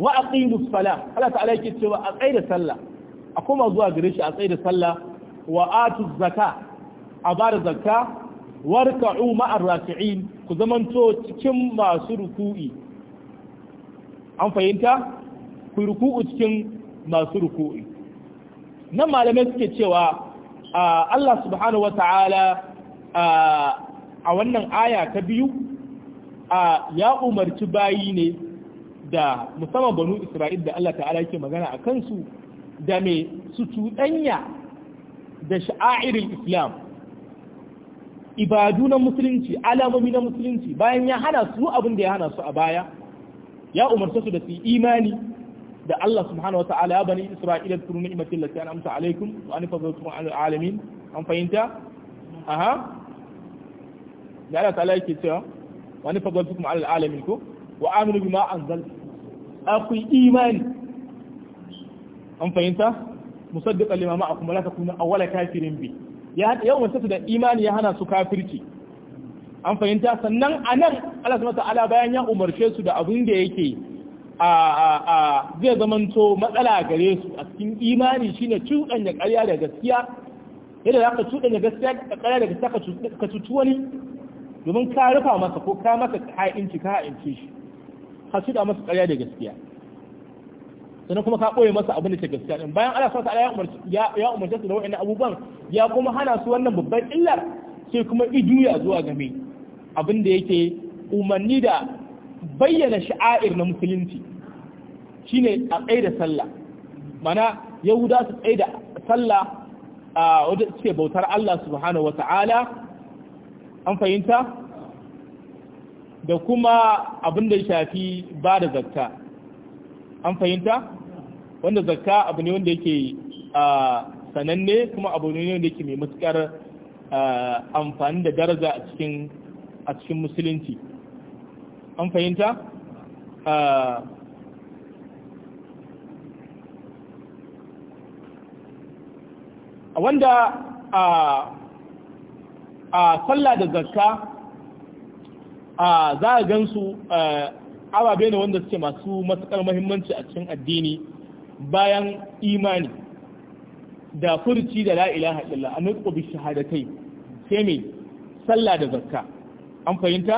wa aqimu as-salah Allah ta'ala yake cewa a tsaye da sallah a koma zuwa gare shi a tsaye da sallah wa atu zakka a ba da zakka warka'u ma'ar raki'in ku zamanto cikin masu ruku'i an fahimta ku ruku'u cikin masu ruku'i nan malamai suke cewa Allah subhanahu wa ta'ala a wannan aya ta biyu ya umarci bayi ne da musamman banu Isra'il da Allah ta'ala yake magana a kansu da me su cuɗanya da sha'airin islam ibadu na musulunci alamomi na musulunci bayan ya hana su abin da ya hana su a baya ya umarta su da su imani da Allah subhanahu wata'ala ya bani Isra'ila turu ni'matin lati an amsa alaikum wa an fadlukum al alamin an fahimta aha da Allah ta'ala yake cewa wa an fadlukum al alamin ko wa aminu bima anzal akwai imani an fahimta musaddiqa lima ma'akum la takunu awwala kafirin bi ya yawan su da imani ya hana su kafirci an fahimta sannan anan Allah subhanahu ta'ala bayan ya umarce su da abin da yake a a a zai zamanto matsala gare su a cikin imani shine cuɗanya ƙarya da gaskiya yadda za ka cuɗanya gaskiya da ƙarya da gaskiya ka cutu wani domin ka rufa masa ko ka masa ka ha'inci ka ha'ince shi ka cuɗa masa ƙarya da gaskiya sannan kuma ka ɓoye masa abin da ke gaskiya din bayan Allah subhanahu ya umarci ya su da wa'annan abubuwan ya kuma hana su wannan babban illar sai kuma ijuya zuwa game abin da yake umarni da bayyana sha'air na musulunci shine a tsaye da sallah mana yahuda su tsaye da sallah a wajen suke bautar Allah subhanahu Ta'ala an fahimta da kuma abin da shafi ba da zakka an fahimta wanda zakka abu ne wanda yake sananne kuma abu ne wanda yake mai matukar amfani da daraja a cikin a cikin musulunci an fahimta A wanda a sallah da zakka a za a gansu ababe ne wanda suke masu matukar mahimmanci a cikin addini bayan imani da furci da la'ilaha ilaha a nutsu bi shahadatai sai mai sallah da zakka an fahimta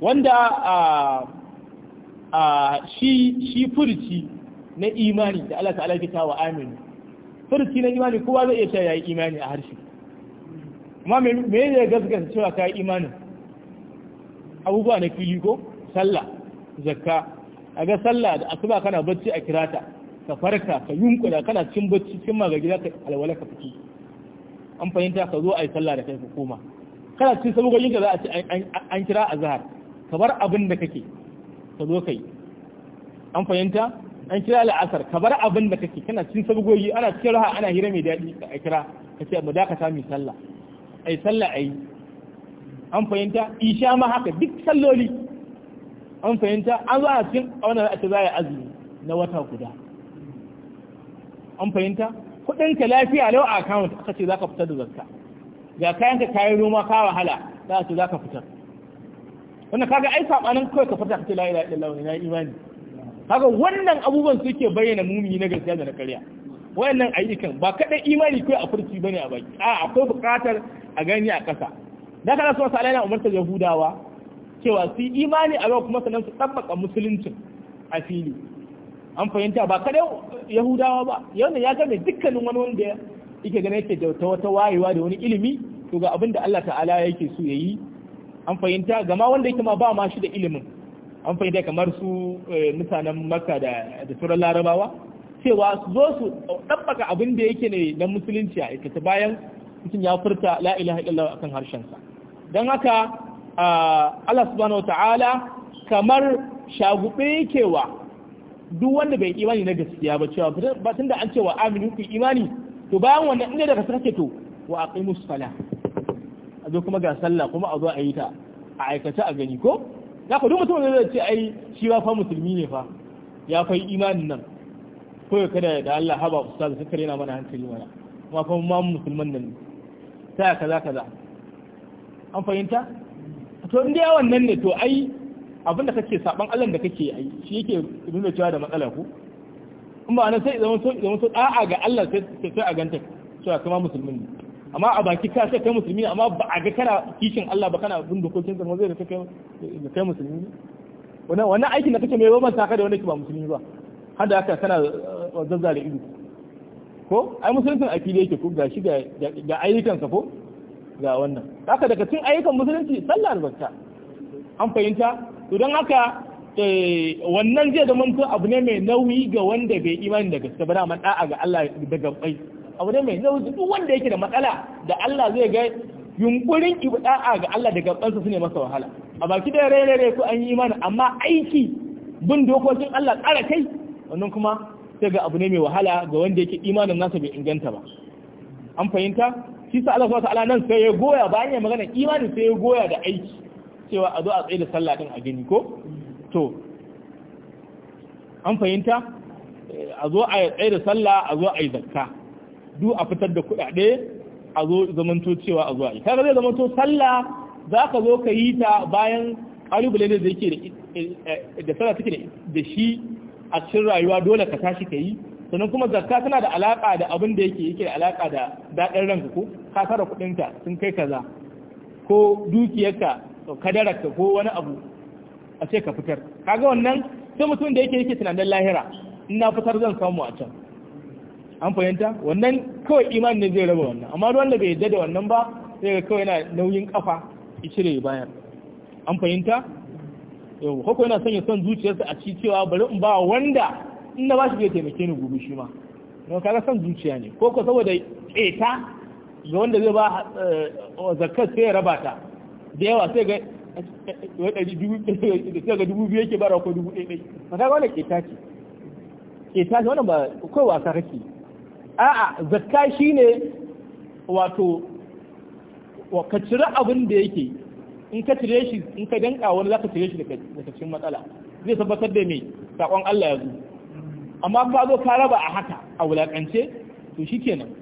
wanda a shi furci na imani da Allah ta'ala ya wa amini, furci na imani kowa zai iya cewa yi imani a harshe Kuma me zai gaske gaskata cewa ka yi imanin, abubuwa na fili ko sallah zakka a ga sallah da asuba kana bacci a kirata ka farka ka yunkula kana cikin bacci cikin magaji za ka alwala ka fito an fahimta ka zo a yi sallah da kai ka koma kana cikin sabogin ka za a ce an kira a zahar ka bar abin da kake ka zo kai an fahimta an kira la'asar ka bar abin da kake kana cikin sabgogi ana cikin raha ana hira mai daɗi ka kira ka ce mu dakata mai sallah ai sallah ai an fahimta isha ma haka duk salloli an fahimta an zo a cikin wannan za a ce za a yi azumi na wata guda an fahimta kudin ka lafiya lau account aka ce zaka fitar da zakka ga kayan ka kayan noma ka wahala za a ce zaka fitar wannan kaga ai sabanin kawai ka ka ce la ilaha illallah wa la imani kaga wannan abubuwan suke bayyana mumi na gaskiya da na ƙarya wayannan ayyukan ba kadai imani kai a furci bane a baki a akwai buƙatar a gani a ƙasa da kana so sai Allah umarta yahudawa cewa su imani a yau kuma sanan su tabbaka musuluncin a fili an fahimta ba kada yahudawa ba yana ya gane dukkanin wani wanda yake gane yake da wata wayewa da wani ilimi to ga abin da Allah ta'ala yake so yayi an fahimta gama wanda yake ma ba ma shi da ilimin an fahimta kamar su eh, mutanen makka da da sauran larabawa cewa su zo su dabbaka abin da yake ne na musulunci a ita bayan mutum ya furta la ilaha illallah akan harshensa don haka ah, Allah subhanahu wa ta'ala kamar shagube yake wa duk wanda bai imani na gaskiya ba cewa ba da an ce wa aminu ku imani to bayan wannan inda daga kake to wa aqimus sala a zo kuma ga sallah kuma a zo a yi ta a aikata a gani ko Ya ku duk mutum da zai ce ai shi ba fa musulmi ne fa ya fa imanin nan ko ya kada da Allah haba ustaz sai kare na mana hankali mana kuma fa ma musulman nan ta kaza kaza an fahimta to inda wannan nan ne to ai abinda kake saban Allah da kake yi shi yake nuna cewa da matsala ko in ba nan sai zaman so zaman so da'a ga Allah sai sai a ganta cewa kuma musulmi ne amma a baki ka sai kai musulmi amma ba a ga kana kishin Allah ba kana bin dokokin sa zai da kai da kai musulmi ne wannan wannan aikin da kake mai roman saka da wanda ke ba musulmi ba har da haka kana eh, zazzare ido ko ai musuluncin a fili yake ko ga ga ga sa ko ga wannan haka daga cikin ayyukan musulunci sallar zakka an fahimta to don haka eh, wannan zai zama to abu ne mai nauyi ga wanda bai imani da gaske ba da da'a ga Allah da gabbai abu ne mai nauyi duk wanda yake da matsala da Allah zai ga yunkurin da'a ga Allah da gabbansa su ne masa wahala a baki da rere rere ko an yi imani amma aiki bin dokokin Allah tsara kai wannan kuma sai ga abu ne mai wahala ga wanda yake imanin nasa bai inganta ba an fahimta shi sa Allah subhanahu nan sai ya goya bayan ya magana imani sai ya goya da aiki cewa a zo a tsaye da sallah din a gani ko to an fahimta eh, a zo a tsaye da sallah a zo a yi zakka duk a fitar da kuɗaɗe a zo zamanto cewa a zo a yi kaga zai zamanto sallah za ka zo ka yi ta bayan ƙalubale da yake da sallah take da shi a cikin rayuwa dole ka tashi ka yi sannan kuma zakka tana da alaka da abin da yake yake da alaka da daɗin ranka ko ka tara kuɗinka sun kai kaza ko dukiyarka kadararka ko wani abu a ce ka fitar kaga wannan sai mutum da yake yake tunanin lahira ina na fitar zan samu a can an fahimta wannan kawai iman ne zai raba wannan amma wanda bai yadda da wannan ba sai ga kawai yana nauyin kafa ya cire bayan an fahimta yau hako yana son ya son zuciyarsa a ci cewa bari in ba wanda ina ba bashi zai taimake ni gobe shi ma don kaga son zuciya ne ko ko saboda ƙeta ga wanda zai ba eh, zakat sai ya raba ta da yawa sai ga dubu biyu yake bara ko dubu ɗaya ɗaya ba ta wannan keta ce keta ce wannan ba kai wasa kake a'a zakka ne wato ka cire abin da yake in ka cire shi in ka danka wani zaka cire shi daga cikin matsala zai tabbatar da mai saƙon Allah ya zo amma ba zo ka raba a haka a wulaƙance to shi kenan.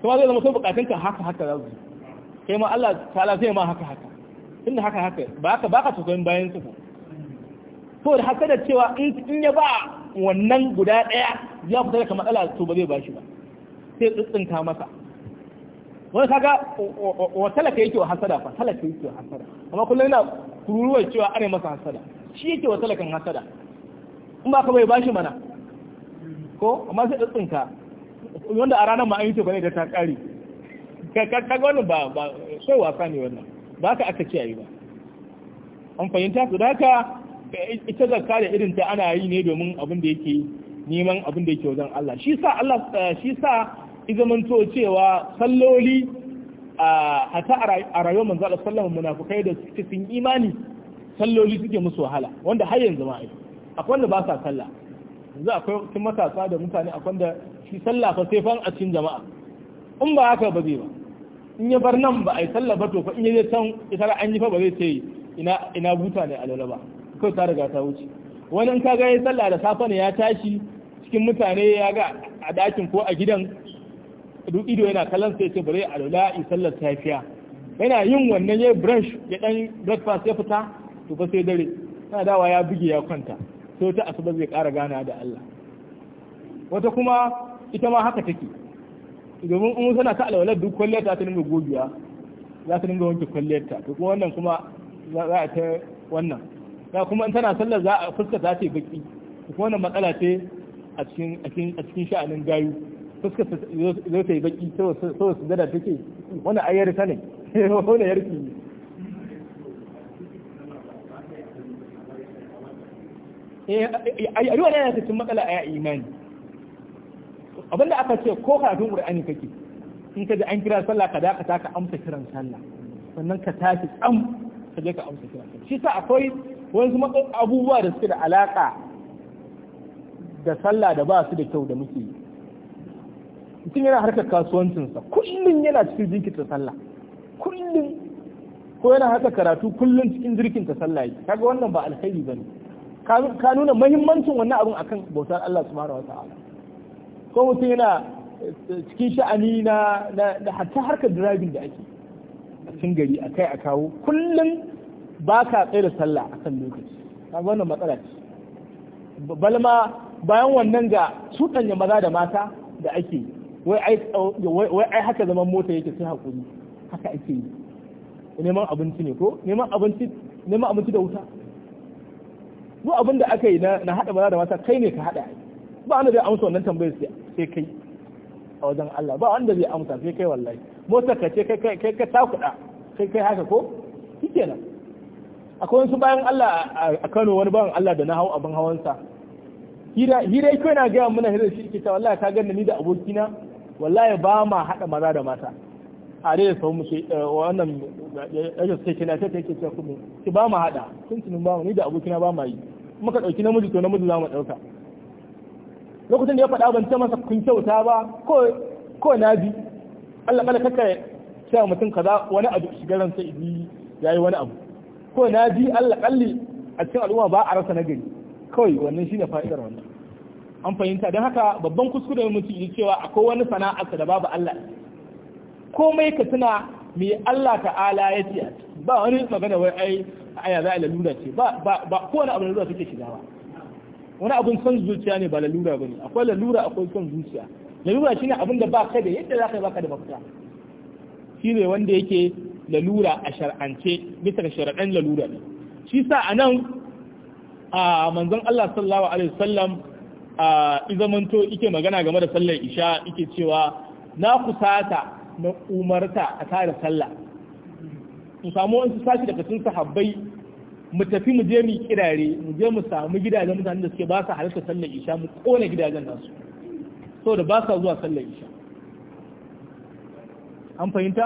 kuma zai zama sai bukatun haka haka za su kai ma Allah ta'ala zai ma haka haka inda haka haka ba ka baka tukoyin bayan su to da haka da cewa in ya ba wannan guda ɗaya ya fita daga matsala to ba zai ba shi ba sai tsintsinta masa wani kaga wa talaka yake wa hasada fa talaka yake wa hasada amma kullum yana kururuwar cewa ana masa hasada shi yake wa talakan hasada in ba ka bai bashi mana ko amma sai ka wanda a ranar ma an yi ce bane da ta kare kaga wannan ba ba sai wasa ne wannan ba ka aka kiyaye ba an fahimta su da ita zakka da irin ta ana yi ne domin abin da yake neman abin da yake wajen Allah shi sa Allah shi sa to cewa salloli a hata a rayuwar manzo Allah sallallahu munafikai da suke sun imani salloli suke musu wahala wanda har yanzu ma akwai wanda ba sa sallah yanzu akwai kin matasa da mutane akwai wanda shi sallah fa sai fa a cikin jama'a in ba haka ba zai ba in ya bar nan ba a yi sallah ba to fa in ya san can ita an yi fa ba zai ce ina ina buta ne alwala ba kawai ta riga ta wuce wani ka ga ya sallah da safe ne ya tashi cikin mutane ya ga a dakin ko a gidan duk ido yana kallon sai ce bare alwala in sallar safiya yana yin wannan ya brunch ya dan breakfast ya fita to fa sai dare yana dawa ya buge ya kwanta sai ta asuba zai ƙara gana da Allah wata kuma ita ma haka take domin in tana ta alwalar duk kwalliyar ta dinga gobiya za ta dinga wanke kwalliyar ta to kuma wannan kuma za a ta wannan za kuma in tana sallar za a fuska ta ce baki to kuma wannan matsala ce a cikin a cikin sha'anin gayu fuska zo ta yi baki saboda su da take wannan ayyar ta ne wannan yarki ne ai ai wannan yana cikin matsala a imani abinda aka ce ko karatun qur'ani kake in ka ji an kira sallah ka dakata ka amsa kiran sallah sannan ka tashi tsam ka je ka amsa kiran sallah shi sa akwai wasu abubuwa da suke da alaka da sallah da ba su da kyau da muke yi mutum yana harkar kasuwancinsa kullum yana cikin jinkirta sallah kullum ko yana haka karatu kullum cikin jirkin ta sallah yi kaga wannan ba alkhairi bane ka nuna muhimmancin wannan abun akan bautar Allah subhanahu ala. ko mutum yana eh, cikin sha'ani na hatta harkar drabin da ake a cikin gari a kai a kawo kullum ba ka tsaye da sallah a kan lokaci wannan matsala ce balma bayan wannan ga cuɗanya maza da mata da ake wai ai haka zaman mota yake sai haƙuri haka ake yi neman abinci ne ko neman abinci neman abinci da wuta duk abin da aka yi na haɗa maza da mata kai ne ka haɗa ba ana da amsa wannan tambayar sai sai kai a wajen Allah ba wanda zai amsa sai kai wallahi motar ka ce kai kai ka takuda kai kai haka ko nan akwai wasu bayan Allah a Kano wani bayan Allah da na hau abin hawansa hira hira kai na ga mun hira shi ke ta wallahi ka ganni ni da abokina wallahi ba ma hada maza da mata a dai da sau muke eh, wannan yake sai kina ta take ce kuma ki ba ma hada tuntunin ba mu ni da abokina ba ma yi muka dauki namiji to namiji za mu dauka lokacin da ya faɗa ban masa kun kyauta ba ko na bi Allah kala kaka cewa mutum kaza wani abu shigar sai idi yayi wani abu ko na bi Allah kalli a cikin al'umma ba a rasa nagari kawai wannan shine fa'idar wannan an fahimta don haka babban kuskure mutum yi cewa akwai wani sana'arsa da babu Allah komai ka tuna me Allah ta'ala ya ce ba wani magana wai ai aya za a lalura ce ba ba ko wani abu lura suke shiga ba wani abun son zuciya ne ba lalura ba ne akwai lalura akwai son zuciya lalura shine abin da ba baka da yadda yi ba baka da mafita ne wanda yake lalura a shar'ance bisa ga shar'an lalura ne shi sa a nan a manzon Allah sallallahu alaihi wasallam a izamanto ike magana game da sallar isha ike cewa na kusata na umarta a tare sallah su samu wani sashi daga cikin sahabbai mu tafi mu je mu kirare mu je mu samu gidajen mutanen da suke ba su halarta sallar isha mu kona gidajen nasu saboda ba sa zuwa sallar isha an fahimta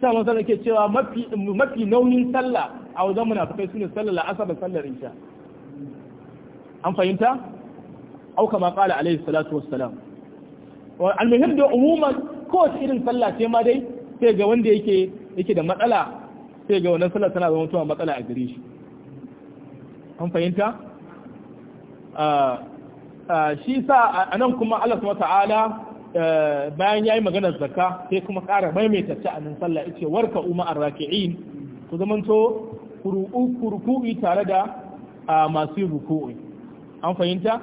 sa sallar ke cewa mafi mafi nauyin sallah a wajen munafikai sune sallar la'asar da sallar isha an fahimta au kama kala alaihi salatu wassalam wa almuhim da umuman kowace irin sallah ce ma dai sai ga wanda yake yake da matsala sai ga wannan sallah tana zama matsala a gare shi kun fahimta ah, ah, shi sa a nan kuma Allah su ta'ala eh, bayan yi maganar zaka sai kuma ƙara maimaita a nan sallah yace warka a raki'in ku zamanto kuru'u tare da ah, masu ruku'i an fahimta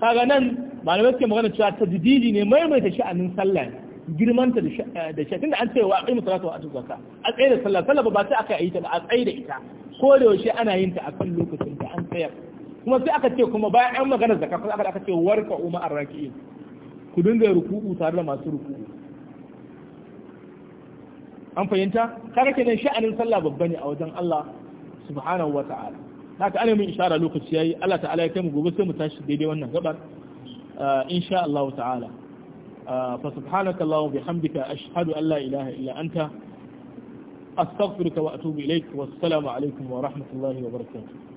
kaga nan malamai suke magana cewa ta tajdidi ne maimaita sha'anin sallah girmanta da shi eh, tunda an ce wa aqimu salata wa atu zakka a tsaye da sallah sallah ba sai aka yi ta ba a tsaye da ita ko da yaushe ana yin ta a kan lokacin sayar kuma sai aka ce kuma bayan an magana zakka kuma aka ce warka umma arraki'in ku dinga ruku'u tare da masu ruku'u an fahimta kaga kenan sha'anin sallah babba ne a wajen Allah subhanahu wata'ala haka ana mun isharar lokaci yayi Allah ta'ala ya kai mu gobe sai mu tashi daidai wannan gabar ah, insha Allah ta'ala ah, fa subhanaka Allah bihamdika ashhadu an la ilaha illa anta astaghfiruka wa atubu ilaik wassalamu alaikum wa rahmatullahi wa barakatuh